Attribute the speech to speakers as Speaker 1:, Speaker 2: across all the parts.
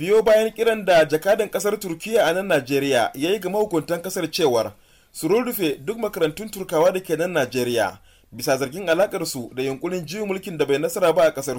Speaker 1: biyo bayan kiran da jakadan kasar turkiya a nan najeriya ya yi ga mahukuntan kasar cewar su rurrufe duk makarantun turkawa da ke nan najeriya bisa zargin alakar da yunkurin jiyo mulkin da bai nasara ba a kasar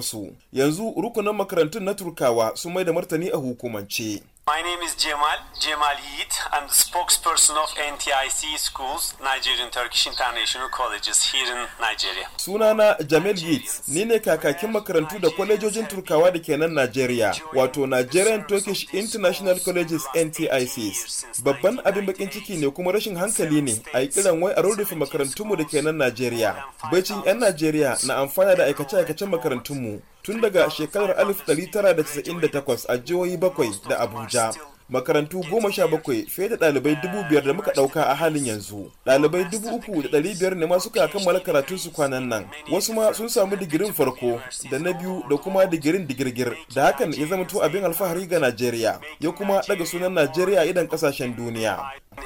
Speaker 1: yanzu rukunin makarantun na turkawa sun mai da martani a hukumance
Speaker 2: My name is Cemal, Cemal Yiğit. I'm the spokesperson of NTIC Schools, Nigerian Turkish International Colleges here in Nigeria.
Speaker 1: Sunana Jamil Yiğit, ni kakakin makarantu da kwalejojin Turkawa da ke nan Nigeria, wato Nigerian Turkish International Colleges NTICs. Babban abin bakin ciki ne kuma rashin hankali ne a yi kiran wai a rurrufe makarantunmu da ke nan Nigeria. Baicin 'yan Nigeria na amfana da aikace-aikacen makarantunmu. tun daga shekarar 1998 a jihohi bakwai da abuja makarantu goma sha bakwai fiye da ɗalibai dubu biyar da muka ɗauka a halin yanzu ɗalibai dubu uku da ɗari biyar ne ma suka kammala karatun su kwanan nan wasu ma sun samu digirin farko da na biyu da kuma digirin digirgir da hakan ya zama to abin alfahari ga najeriya ya kuma ɗaga sunan najeriya idan ƙasashen duniya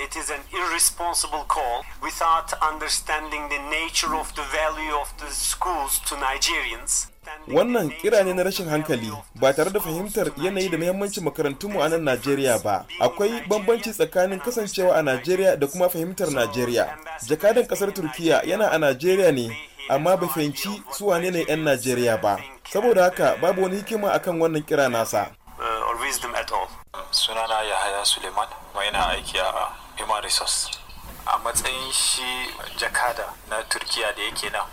Speaker 2: It is an irresponsible call without understanding the nature of the value of the schools to Nigerians.
Speaker 1: wannan kira ne na rashin hankali ba tare da fahimtar yanayi da muhimmancin makarantunmu a nan najeriya ba akwai bambanci tsakanin kasancewa a najeriya da kuma fahimtar najeriya jakadan kasar turkiya yana a najeriya ne amma bai fahimci su wane ne 'yan najeriya ba saboda haka babu wani hikima akan wannan kira nasa uh, sunana yahaya suleiman mai yana aiki a human resource a matsayin shi jakada na turkiya da yake nan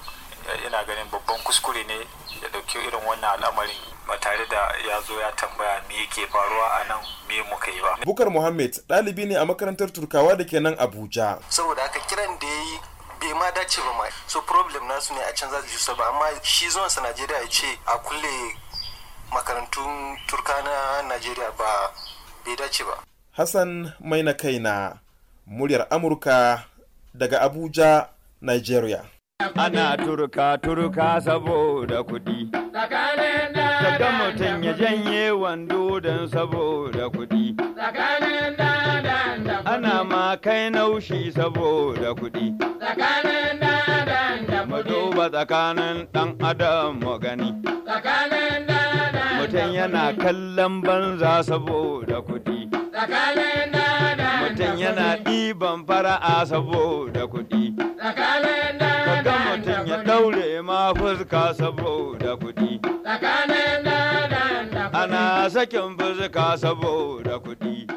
Speaker 1: yana eh, ganin babban kuskure ne ya ɗauki irin wannan al'amarin ba tare da ya zo ya tambaya me yake faruwa a nan me muka yi ba. Bukar Muhammad ɗalibi ne a makarantar Turkawa da ke nan Abuja. Saboda haka kiran da ya yi bai ma dace ba ma so problem nasu ne a can za su ba amma shi zuwan sa Najeriya ya ce a kulle makarantun Turka na Najeriya ba bai dace ba. Hassan Maina Kaina muryar Amurka daga Abuja, Nigeria. Ana turka turka
Speaker 2: saboda kuɗi.
Speaker 3: Daga mutum ya
Speaker 2: janye wando don saboda kuɗi. Ana ma kai naushi saboda kuɗi. Mu duba tsakanin ɗan adam mu gani. Mutum yana kallon banza saboda kuɗi.
Speaker 3: Mutum yana
Speaker 2: ɗiban fara'a saboda kuɗi. ya daure ma fuska saboda kuɗi.
Speaker 3: Tsakanin da Ana
Speaker 2: sakin fuska saboda kuɗi.